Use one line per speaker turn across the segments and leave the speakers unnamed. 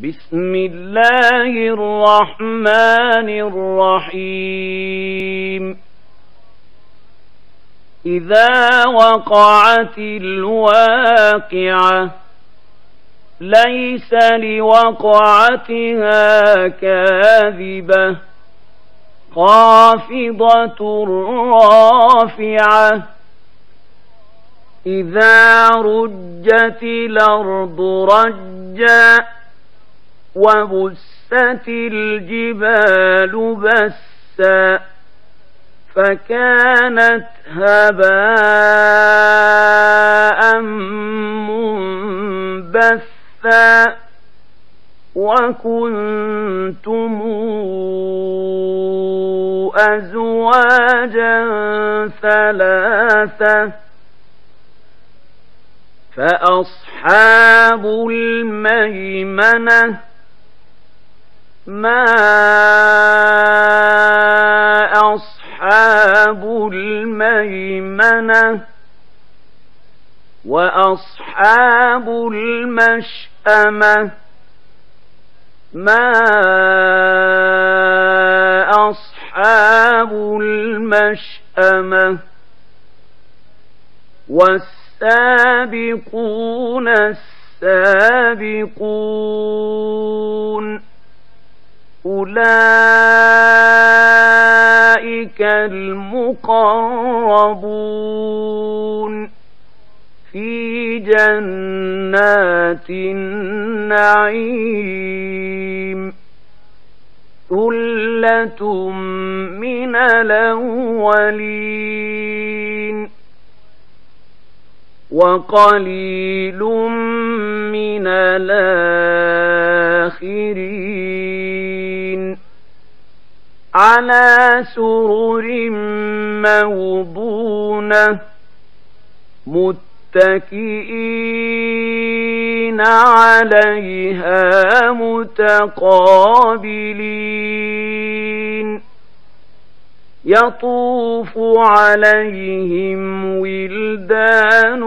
بسم الله الرحمن الرحيم إذا وقعت الواقعة ليس لوقعتها كاذبة خافضة رافعة إذا رجت الأرض رجاً وبست الجبال بسا فكانت هباء منبثا وكنتم أزواجا ثلاثة فأصحاب الميمنة ما أصحاب الميمنة وأصحاب المشأمة ما أصحاب المشأمة والسابقون السابقون أولئك المقربون في جنات النعيم ثلة من الأولين وقليل من الآخرين على سرر موضونة متكئين عليها متقابلين يطوف عليهم ولدان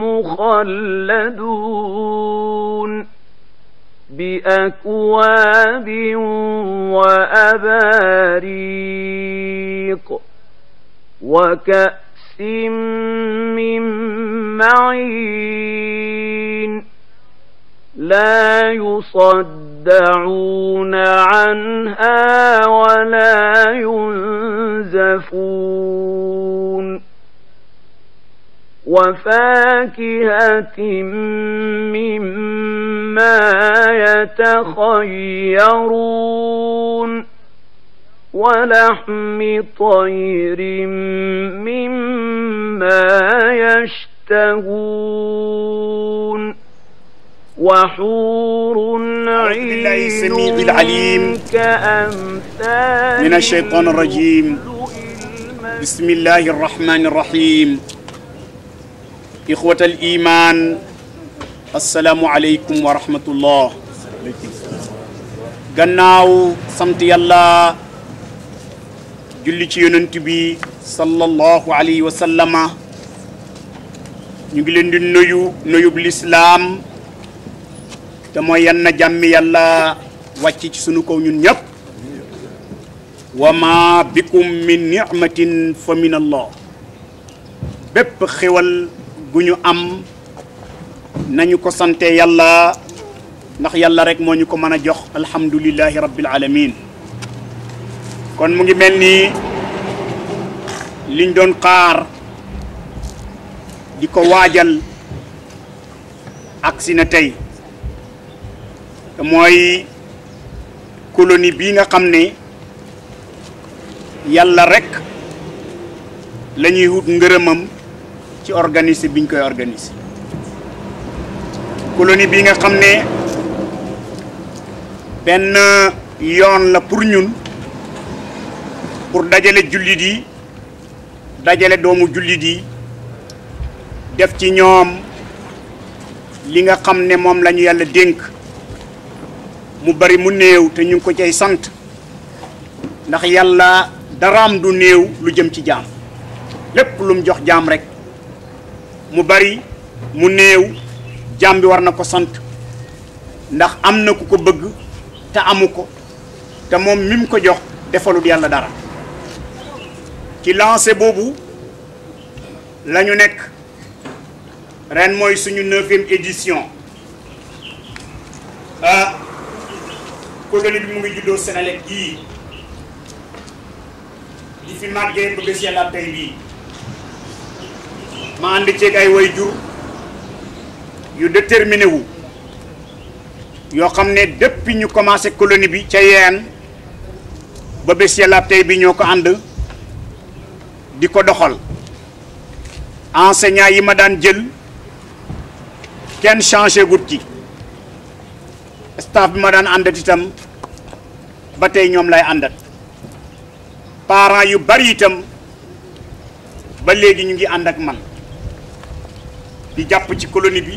مخلدون بأكواب وأباريق وكأس من معين لا يصدعون عنها ولا ينزفون وفاكهة مما يتخيرون ولحم طير مما يشتهون وحور
عين العليم
كأمثال من
الشيطان الرجيم بسم الله الرحمن الرحيم إخوة الإيمان asalaamualeykum wa rahmatullah gannaaw sant yàlla julli ci yonent bi sallallahu alayhi wa sallama ñu ngi leen di nuyu nuyub lislaam te mooy yan na jàmmi yàlla wàcc ci sunu kaw ñun ñëpp wa ma bikum min nicmatin fa min allah bépp xéwal gu ñu am nañu ko yalla, yalla ndax yalla rek moñu ko mëna jox alhamdulillahi rabbil alamin kon mu ngi melni liñ doon xaar diko wajal aksina tay moy nga xamné ne rek lañuy ñuy ngeureumam ci organiser biñ koy organiser colonie bi nga xam ne benn yoon la pour ñun pour dajale jullit yi dajale doomu jullit yi def ci ñoom li nga xam ne moom lañu yàlla dénk mu bari mu néew te ñu ko cay sant ndax yàlla daraam du néew lu jëm ci jaam lépp lu mu jox jaam rek mu bari mu néew jaam bi war na ko ndax amna na ku ko bëgg ta amuko ta mom mim ko jox defalul yalla dara ci lancer boobu lañu nek ren moy suñu 9e édition ah kuréel bi mu ngi juddoo Senelec gi di fi màggee bëgg si yàlla tey bii ma ànd ceeg ay way yu déterminé wu yoo xam ne depuis ñu commencé colonie bi ca yeen ba bés yàlla tey bi ñoo ko ànd di ko doxal enseignant yi ma daan jël kenn changé gut ci staff bi ma daan àndat itam ba tey ñoom lay àndat parents yu bari itam ba léegi ñu ngi ànd ak man di jàpp ci colonie bi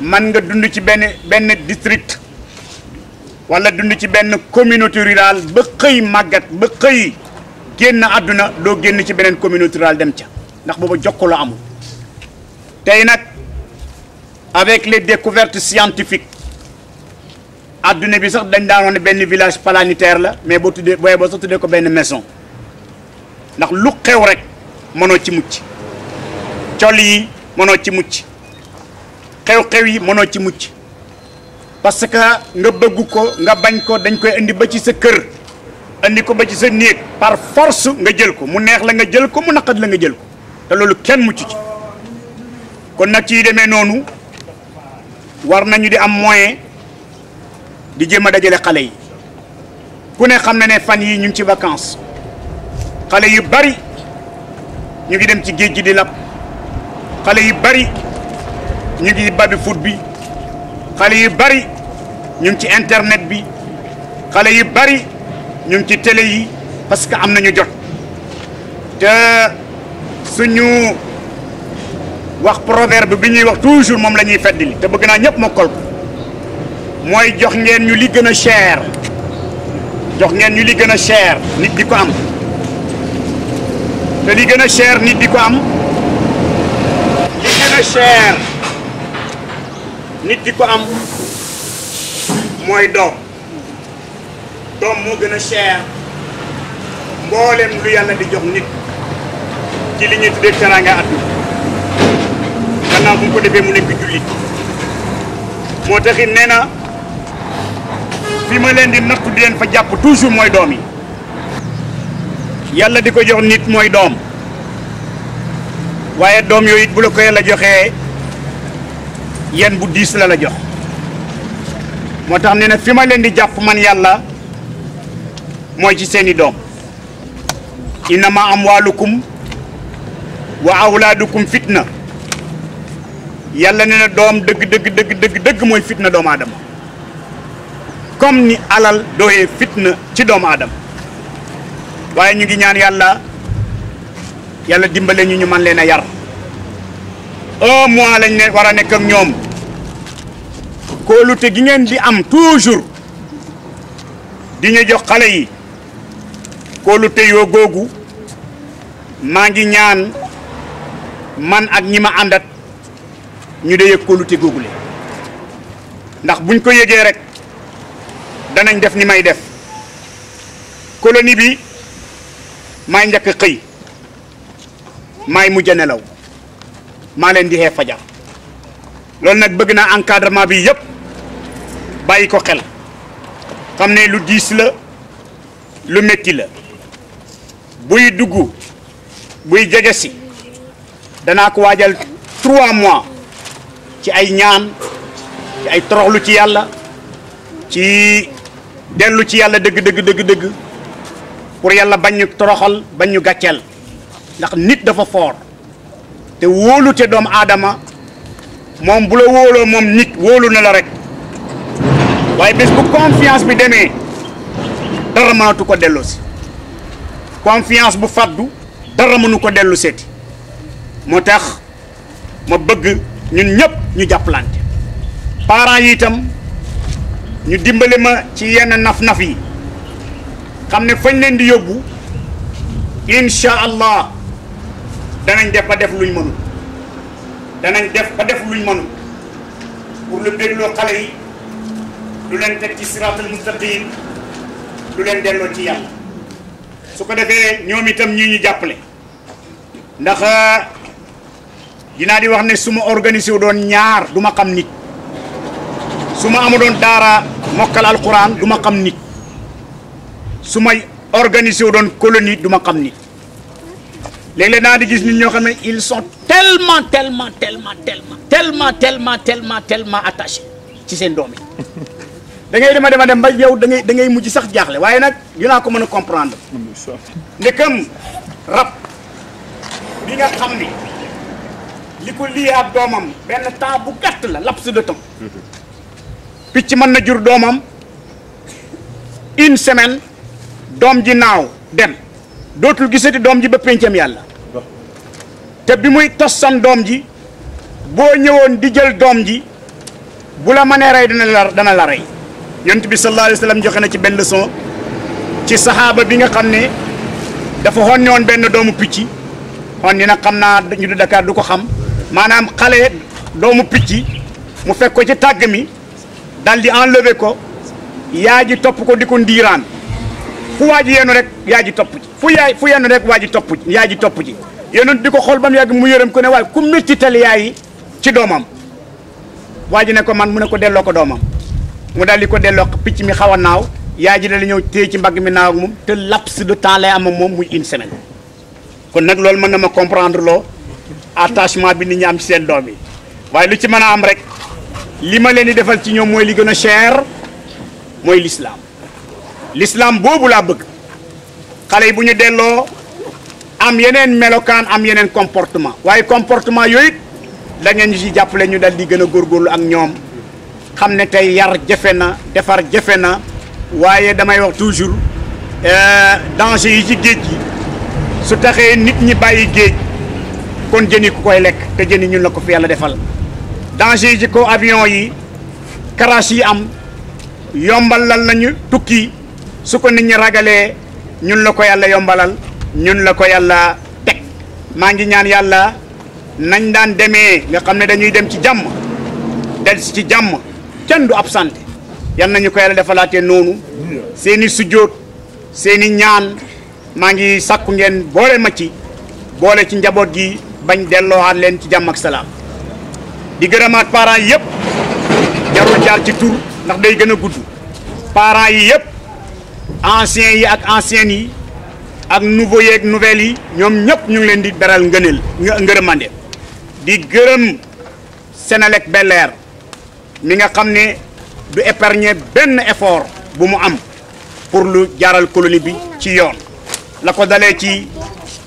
man nga dund ci ben ben district wala dund ci ben communauté rurale ba xey magat ba xey génn aduna do génn ci benen communauté rurale dem ca ndax booba jokkaloo amul tay nak avec les découvertes scientifiques aduna bi sax dañ daan wax ben village planétaire la mais bo tudé booyee boo sax tuddee ko ben maison ndax lu xew rek mënoo ci mucc cioli yi ci mucc xew-xew yi mëno ci mucc parce que nga bëgg ko nga bañ ko dañ koy andi ba ci sa kër andi ko ba ci sa par force nga jël ko mu neex la nga jël ko mu naqat la nga jël ko te loolu kenn mucc ci kon nak ci démé nonu war nañu di am moyen di jëma dajalé xalé yi ku ne xam na ne fan yi ñu ci vacances xalé yu bari ñu ngi dem ci geejgi di lab xalé yu bari ñi ngi babi foot bi xale yu bari ñu ci internet bi xale yu bari ñu ci télé yi parce que am nañu jot te suñu wax proverbe bi ñuy wax toujours mom lañuy ñuy feddili te bëgg na ñëpp kol ko moy jox ngeen ñu li gëna cher jox ngeen ñu li gëna cher nit di ko am te li gëna a cher nit di ko am li gëna a cher nit di ko am mooy doom doom moo gën a cher mboolem lu yàlla di jox nit ci li ñuy tuddee teraanga àdduna gannaaw bu mu ko defee mu nekk jullit moo taxit nee na fi ma leen di nattu di leen fa jàpp toujours mooy doom yi yàlla di ko jox nit mooy doom waaye doom yooyu bu la ko yàlla joxee yan bu diis la la jox moo tax nee na fi ma leen di jàpp man yàlla mooy ci seeni doom innama amwaalukum wa awlaadukum fitna yàlla nee na doom dëgg dëgg dëgg dëgg dëgg mooy fitna doomu aadama comme ni alal dooyee fitna ci doomu aadam waaye ñu ngi ñaan yàlla yàlla dimbale ñu ñu man leen a yar un mois lañ né wara a ak ñom ko kóolute gi ngeen di am toujours di ñu jox xalé yi kóolute yo googu ma ngi ñaan man ak ñima ma àndat ñu de ko kóolute googu le ndax buñ ko yégué rek danañ def ni may def colonie bi may njëkk xey may mujj nelaw ma len di xee fajar loolu nak bëgg na encadrement bi yépp bayiko xel xam ne lu diis la lu metti la buy duggu buy jege si danaa ko waajal 3 mois ci ay ñaan ci ay toroxlu ci yalla ci delu ci yalla deug deug deug deug pour yalla bañ toroxal bañ gatchal ndax nit dafa fort te wóolute doomu aadama moom bu la wóoloo moom nit wóolu na la rek waaye bés bu confiance bi demee dara mënatu ko dellu si bu faddu dara mënu ko dellu seeti moo tax ma bëgg ñun ñëpp ñu jàppalante parent yi itam ñu dimbali ma ci yenn naf-naf yi xam ne fañ leen di yóbbu incha allah danañ def ba def luñ mënul danañ def ba def luñ mënul pour lu bégloo xale yi lu leen ci siraatal mustaqim lu delloo ci yàlla su ko defee ñoom itam ñi jàppale ndax dinaa euh, di wax ne su ma organisé wu doon ñaar du ma xam nit su ma amu doon daara mokkal alquran du ma xam nit su may organisé wu doon colonie du ma xam nit Les élèves qui ils sont tellement tellement tellement tellement tellement tellement tellement tellement attachés ci da ngay dem ba vous da ngay da ngay mujj sax comprendre bi nga li temps bu de temps dire, jur une semaine ji dootul gisati doom ji ba péncam yàlla te bi muy tossan doom ji boo ñëwoon di jël doom ji bu la mënee rey dana la dana la rey bi sallallahu alayhi wa sallam joxe na ci benn leçon ci saxaaba bi nga xam ne dafa xonni woon benn doomu picc xonni nag xam naa ñu di Dakar du ko xam maanaam xale doomu picc mu fekk ko ci tàgg mi dal di enlever ko yaa ji topp ko di ko ndiiraan fu waa ji yenu rek yaa ji topp ci fu yaay fu yenu rek waa ji topp yaa ji topp ci yéen di ko xool ba mu yàgg mu yërëm ko ne waaye ku méttital yaay ci doomam waa ji ne ko man mu ne ko delloo ko doomam mu daal di ko delloo picc mi xaw a naaw yaa ji dala ñëw téye ci mbagg mi naaw moom te laps de temps lay am moom muy une semaine kon nag loolu mën na ma comprendre loo attachement bi ni ñi am ci seen doom yi waaye lu ci mën a am rek li ma leen di defal ci ñoom mooy li gën a cher mooy l'islam l'islam boobu laa bëgg xale yi bu ñu delloo am yeneen melokaan am yeneen comportement waaye comportement yooyu la ngeen ñu si jàppale ñu dal di gën a góorgóorlu ak ñoom xam ne tey yar jafe na defar jafe na waaye damay wax toujours euh, danger yi ci géej gi su taxee nit ñi bàyyi géej kon jëni ku koy lekk te jëni ñu la ko fi yàlla defal danger yi ci kaw avion yi crash yi am yombal lal nañu tukki su ko nit ñi ragalee ñun la ko yàlla yombalal ñun la ko yàlla teg maa ngi ñaan yàlla nañ daan demee nga xam ne dañuy dem ci jàmm del si ci jàmm kenn du absenté yal nañu ko yàlla defalaatee noonu seeni sujjóot seeni ñaan maa ngi sakku ngeen boole ma ci boole ci njaboot gi bañ delloowaat leen ci jàmm ak salaam di gërëmaat parents yi yëpp jarul jaar ci tur ndax day gën a gudd parents yi yëpp ancien yi ak anciennes yi ak nouveau ak nouvelle yi ñom ñep ñu ngi leen di beral ngëneel ngërëmande di geureum senalek Bel mi nga xamne du épargner ben effort bu mu am pour lu jaral colonie bi ci yoon la ko dalé ci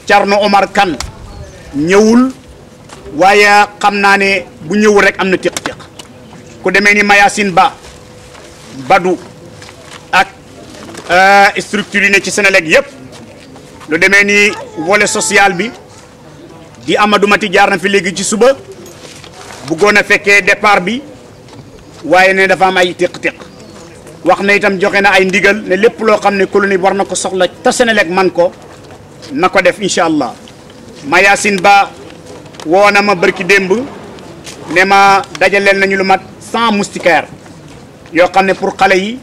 charno Omar kan ñewul waya xamna naa ne bu ñewul rek amna tiq-tiq ku démé ni Ba Badou Euh, structure yi ne ci Senelec yëpp lu demee ni volet social bi di Amadou Mati jaar na fi léegi ci suba bëggoon a fekkee départ bi waaye ne dafa am ay tiq-tiq wax na itam joxe na ay ndigal ne lépp loo xam ne colonie war na ko soxla te Senelec man ko na ko def incha allah Mayacine Ba woo na ma barki démb ne ma dajaleel nañu lu mat cent moustiquaires yoo xam ne pour xale yi.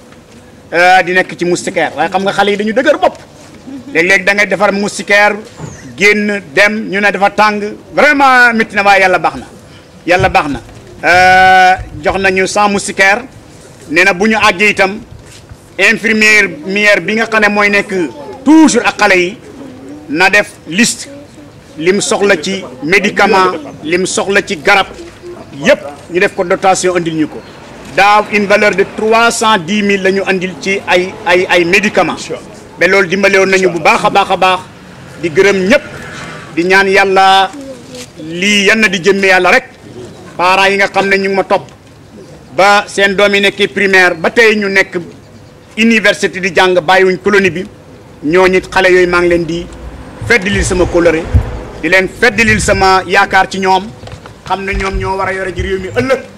Ah, di nekk ci moustiquaire waaye xam nga xale yi dañu dëgër bopp léeg-léeg da ngay defar moustiquaire génn dem ñu ne dafa tàng vraiment métti na waaye yàlla baax na yàlla baax na ah, jox nañu cent moustiquaire nee na bu ñu àggee itam infirmière mière bi nga xam ne mooy nekk toujours ak xale yi na def list lim soxla ci médicament lim soxla ci garab yépp ñu def ko dotation andil ñu ko daaw une valeur de trois cent dix mille la ñu andil ci ay ay ay médicaments. ba loolu dimbale woon nañu bu baax a baax a baax di gërëm ñëpp di ñaan yàlla lii yan di jëmme yàlla rek parents yi nga xam ne ñu ngi ma topp ba seen doom yi nekkee primaire ba tey ñu nekk université di jàng bàyyiwuñ colonie bi ñoo ñit xale yooyu maa ngi leen di feddlil sama coloré di leen feddlil sama yaakaar ci ñoom xam na ñoom ñoo war a yore ji réew mi ëllëg.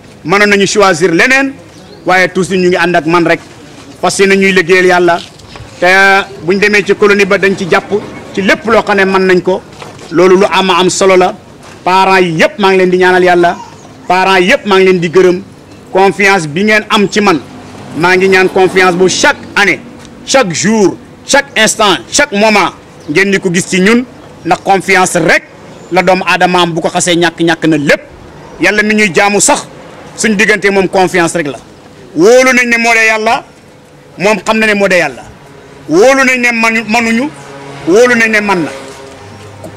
mënoon nañu choisir leneen waaye tous ñu ngi ànd ak man rek fas yéene ñuy liggéeyal yàlla te buñ demee ci colonie ba dañ ci jàpp ci lépp loo xam ne mën nañ ko loolu lu ama am solo la parents yi yëpp maa ngi leen di ñaanal yàlla parent yëpp maa ngi leen di gërëm confiance bi ngeen am ci man maa ngi ñaan confiance bu chaque année chaque jour chaque instant chaque moment ngeen di ko gis ci ñun ndax confiance rek la doomu aadamaam bu ko xasee ñàkk-ñàkk na lépp yàlla mi ñuy jaamu sax suñ diggantee moom confiance rek la wóolu nañ ne moo de yàlla moom xam na ne moo de yàlla wóolu nañ ne manu manuñu wóolu nañ ne man na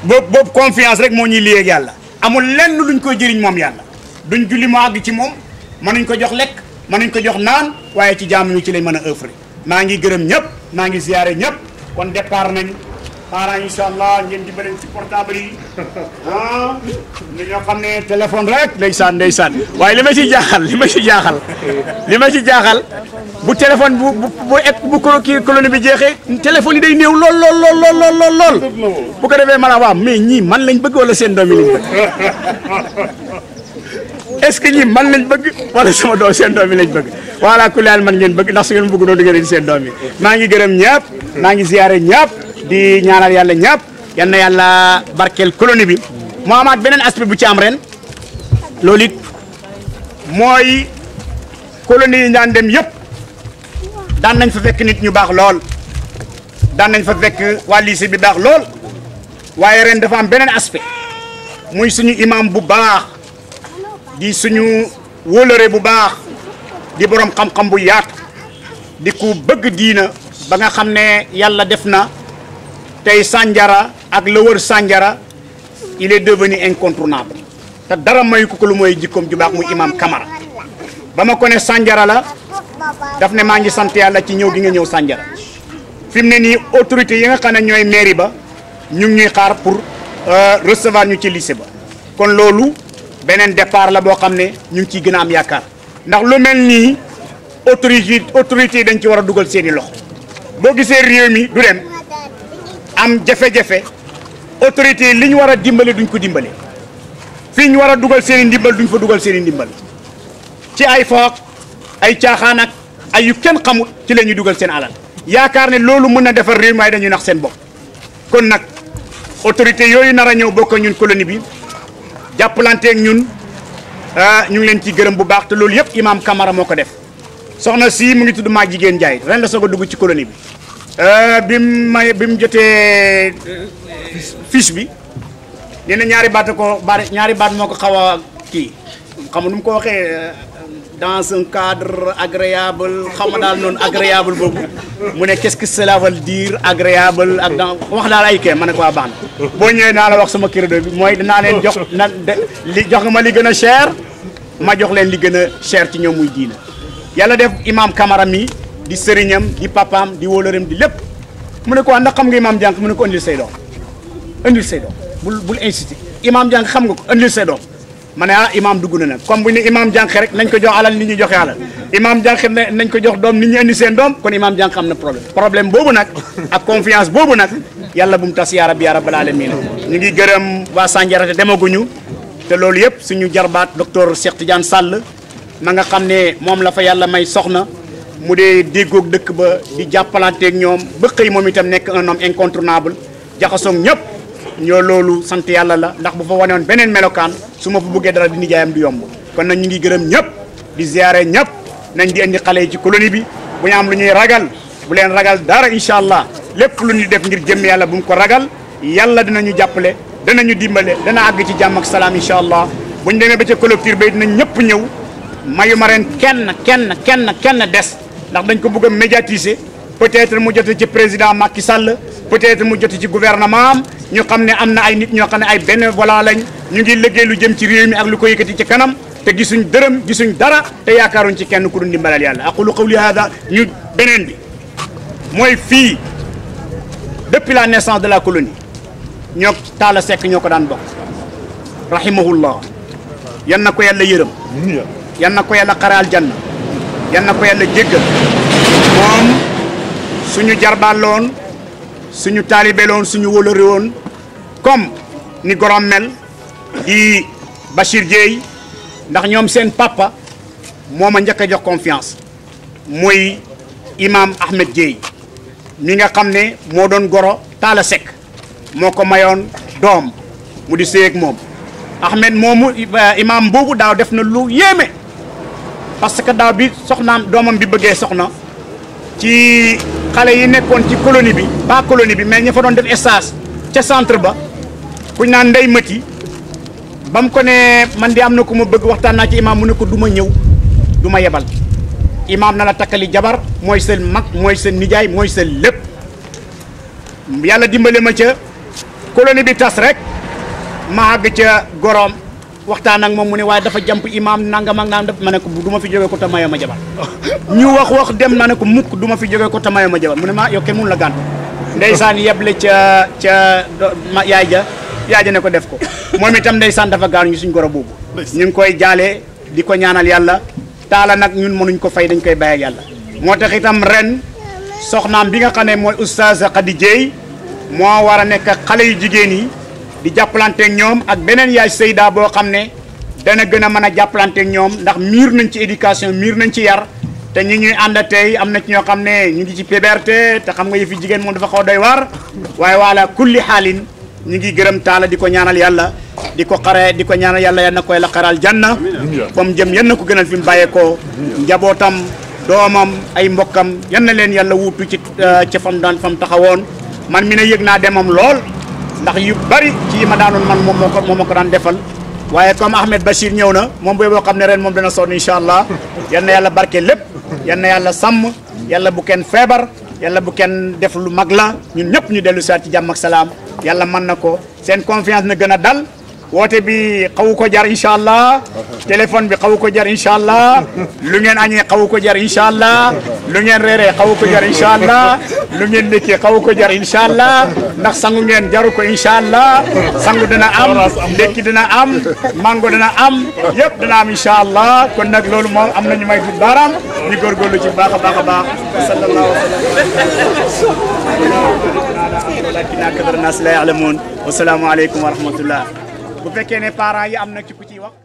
boobu boobu confiance rek moo ñuy liyee ak yàlla amul lenn luñ koy jëriñ moom yàlla duñ julli mu àgg ci moom mënuñ ko jox lekk mënuñ ko jox naan waaye ci jaamu ñu ci lañ mën a œuvre maa ngi gërëm ñëpp maa ngi ziyaare ñëpp kon départ nañ xaaraa inshallah ngeen di dimbale ci portable yi ah li nga kan xam ne téléphone rek ndeysaan ndeysaan waaye li ma ci jaaxal li ma ci jaaxal li ma ci jaaxal bu téléphone bu bu bu et bu ko ki colonie bi jeexee téléphone yi day néew lool lool lool lool lool lool lool bu ko defee mala la waaw mais ñii man lañ bëgg wala seen doomi lañ bëgg est ce que ñii man lañ bëgg wala sama doom seen doomi lañ bëgg voilà ku man ngeen bëgg ndax su ngeen bëgg noonu ngeen seen doomi yi maa ngi gërëm ñëpp maa ngi ziare ñëpp di ñaanal yalla ñëpp yalla yalla barkel colonie bi moo amaat beneen aspect bu ci am ren lolit moy colonie ñaan dem yëpp dan nañ fa fekk nit ñu bax lool dan nañ fa fekk walisi bi bax lool waye ren dafa am benen aspect muy suñu imam bu bax di suñu wóolëre bu bax di borom xam-xam bu yaat di ku bëgg diina ba nga ne defna tey Sandiara ak la wër Sandiara il est devenu incontournable te dara mayu ko ko lu mooy jikkoom ju baax muy imam kamara ba ma ko ne Sandiara la daf ne maa ngi sant yàlla ci ñëw gi nga ñëw Sandiara fi mu ne nii autorité yi nga xam ne ñooy mairie ba ñu ñuy xaar pour euh, recevoir ñu ci lycée ba kon loolu beneen départ la boo xam ne ñu ngi ciy gën a am yaakaar ndax lu mel nii autorité autorité dañ ci war a dugal seen i loxo boo gisee réew du dem. am jafé jafé autorité liñ wara dimbalé duñ ko dimbalé fiñ wara duggal seen dimbal duñ fa duggal seen dimbal ci ay fokk ay tiaxan ak ay ken xamul ci lañu duggal seen alal yaakar né lolu mëna défar réew may dañu nax seen bok kon nak autorité yoyu nara ñew bokk ñun colonie bi ak ñun ah, ñu ngi leen ci gërëm bu baax te lolu yépp imam kamara moko def soxna si mu ngi tuddu maa jigéen Njaay ren la soog dugg ci colonie bi Euh, bi mu may bi euh, fiche bi nee ñaari baat ñaari baat moo ko xaw a kii ko waxee euh, dans un cadre agréable xama dal non agréable bobu mu ne qu'est-ce que cela veut dire agréable ak dans wax dal ay kee mané ko ko bo baax na la wax sama credo bi mooy dinaa len jox na li jox ma li gëna cher ma jox len li gëna cher ci ñoom muy diina yàlla def imam Camara mi di sëriñam di papaam di wóolóoram di lépp mu ne ko ah, ndax xam nga imaam jànq mu ne ko indil say doom indil say doom bul bul incité imaam jànq xam nga ko indil say doom ma ne ah imaam dugg na nag comme bu ñu ne imaam jànq rek nañ ko jox alal nit ñu joxe alal imaam jànq ne nañ ko jox doom nit ñi indi seen doom kon imaam jànq xam na problème problème boobu nag ak confiance boobu nag yàlla bu mu tas yaa rabbi yaa rabbal alamin ñu ngi gërëm waa Sandiara demaguñu te loolu yëpp suñu jarbaat docteur Cheikh Tidiane Sall ma nga xam ne moom la fa yàlla may soxna mu dee déggoog dëkk ba di jàppalanteeg ñoom ba xëy moom itam nekk un homme incontournable jaxasoog ñëpp ñoo loolu sant yàlla la ndax bu fa wanewoon beneen melokaan su ma fa bëggee dara di nijaayam du yomb kon nag ñu ngi gërëm ñëpp di ñëpp nañ di indi xale yi ci colonie bi bu ñu am lu ñuy ragal bu leen ragal dara incha allah lépp lu ñu def ngir jëmm yàlla bu mu ko ragal yàlla dinañu jàppale danañu dimbale dana àgg ci jàmm ak salaam incha allah bu ñu demee ba ca collectif bay dinañ ñëpp ñëw mayu ma ren kenn kenn kenn kenn des. ndax dañ ko peut-être mu le président Macky Sall peut-être mu gouvernement ñu ay nit ñoo Nous lañ ñu ngi lu te gisun dërëm gisun dara te yaakaaruñ ci kenn ku ndimbalal yalla aqulu qawli hada ñu benen bi moy depuis la naissance de la colonie Nous taala ñoko daan bok rahimahullah yan nako yalla yan nako yal na ko yàlla jéggal moom suñu jarbaal loon suñu taalibe loon suñu wólëri woon comme ni gorom mel di Bachir Dieye ndax ñoom seen papa moo ma njëkk a jox confiance muy imam Ahmed Dieye mi nga xam ne moo doon goro Talla Seck moo ko mayoon doom mu di séy moom Ahmed moomu imam boobu daaw def na lu yéeme parce que daaw bi soxnaam doomam bi bëggee soxna ci xale yi nekkoon ci colonie bi pas colonie bi mais ña fa doon def stage ca centre ba kuñ naan ndey mëti ba mu ko ne man di am na ku ma bëgg waxtaan naa ci imaam mu ne ko duma ñëw du ma yebal imaam na la takkali jabar mooy seen mag mooy seen nijaay mooy seen lépp yàlla dimbale ma ca colonie bi tas rek ma àgg ca goroom waxtaan ak moom mu ne waaye dafa jàmp imaam nangam man naan def ma ne ko du ma fi jógee ko te mayoo ma jabar ñu wax wax dem na ne ko mukk duma fi jege ko te mayoo ma jabar mu ne ma yow kenn mun la gàntu ndeysaan yeble ca ca yaay ja yaay ja ne ko def ko moom itam ndeysaan dafa gaañu suñ goro boobu ñu ngi koy jaalee di ko ñaanal yàlla taala nag ñun nuñ ko fay dañ koy bàyyi ak yàlla moo tax itam ren soxnaam bi nga xam ne mooy oustaz Khady Dieye moo war a nekk xale yu jigéen yi di jàppalante ñoom ak beneen yaay Seyda boo xam ne dana gën a mën a jàppalante ñoom ndax miir nañ ci éducation miir nañ ci yar te ñi ñuy ànd tey am na ci ñoo xam ne ñu ngi ci puberté te xam nga yëfi jigéen moom dafa xaw doy waar waaye waala kulli xaalin ñu ngi gërëm taala di ko ñaanal yàlla di ko xare di ko ñaanal yàlla yan na koy la xaral janna comme jëm yan na ko gënal fi mu bàyyeekoo njabootam doomam ay mbokkam yan na leen yalla wuutu ci euh, ca fam daan fam taxawoon man mi ne yëg naa demam lool ndax yu bari ci yi daanoon man moom moo ko moom moo ko daan defal waaye comme Ahmed Bachir ñëw na moom booy boo xam ne ren moom dana sonn incha allah yal na yàlla barke lépp yal na yàlla sàmm yàlla bu kenn feebar yàlla bu kenn def lu mag la ñun ñëpp ñu dellu saat ci jàmm ak salaam yàlla mën na ko seen confiance na gën a dal woote bi xaw ko jar incha allah téléphone bi xaw ko jar incha allah lu ngeen añee xaw ko jar incha allah lu ngeen reeree xaw ko jar incha allah lu ngeen xaw ko jar allah ndax sangu ngeen jaru ko incha allah sangu dana am ndékki dana am mango dana am yëpp dana am incha allah kon nag loolu moom am nañu may du baaraam ñu góorgóorlu ci baax ba baax a baax sallallahu alayhi wa sallam walakin akthar nas la ya'lamun wa salaamu alaykum wa rahmatullah bu fekkee ne parents am na ci ku ciy wax.